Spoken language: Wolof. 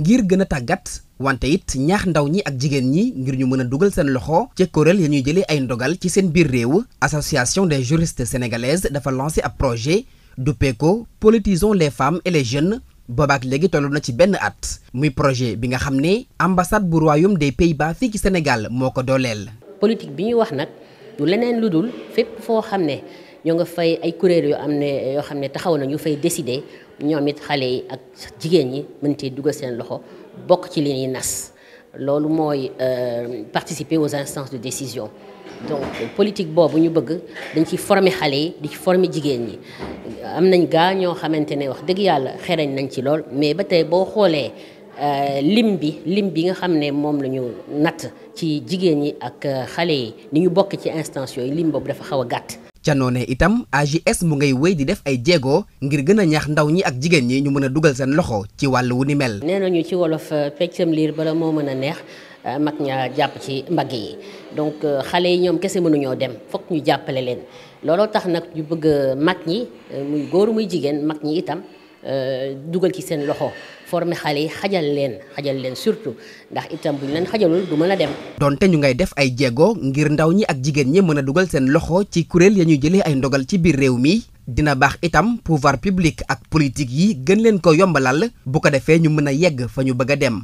ngir gën a tàggat wante it ñaax ndaw ñi ak jigéen ñi ngir ñu mën a dugal seen loxo ci kuréel ya ñuy jëlee ay ndogal ci seen biir réew association des juristes sénégalaises dafa lancé ab projet duppee ko politisons les femmes et jeunes boobaak léegi toll na ci benn at muy projet bi nga xam ne ambassade bu royaume des Pays-Bas fii ci Sénégal moo ko dooleel. politique bi wax nag du leneen lu dul fépp foo xam ne. ñoo nga fay ay kuréel yoo am ne yoo xam ne taxaw nañu fay décider ñoom it xale yi ak jigéen ñi mën cee dugal seen loxo bokk ci li ñuy nas loolu mooy euh, participer aux instances de décision donc politique boobu ñu bëgg dañ ci forme xale yi di ci former jigéen ñi am nañ gaa ñoo xamante ne wax dëgg yàlla xereñ nañ ci lool mais ba tey boo xoolee euh, lim bi lim bi nga xam ne moom la ñu natt ci jigéen ñi ak euh, xale yi ni ñu bokk ci instance yooyu lim boobu dafa xaw a gàtt ca noonee itam AJS mu ngay wéy di def ay jéego ngir gën a ñaax ndaw ñi ak jigéen ñi ñu mën a dugal seen loxo ci wàll wu ni mel. nee nañu ci wolof euh, peccam liir bala moo mën a neex euh, mag ña jàpp ci mbagg yi donc euh, xale yi ñoom kese mënuñoo dem foog ñu jàppale leen looloo tax nag ñu bëgg mag ñi muy góor muy jigéen mag ñi itam dugal ci seen loxo. former xale yi xajal leen xajal leen surtout ndax itam bu ñu leen xajalul du mën a dem. donte ñu ngay def ay jéego ngir ndaw ñi ak jigéen ñi mën a dugal seen loxo ci kuréel ya ñuy jëlee ay ndogal ci biir réew mi. dina baax itam pouvoir public ak politique yi gën leen ko yombalal bu ko defee ñu mën a yegg fa ñu bëgg a dem.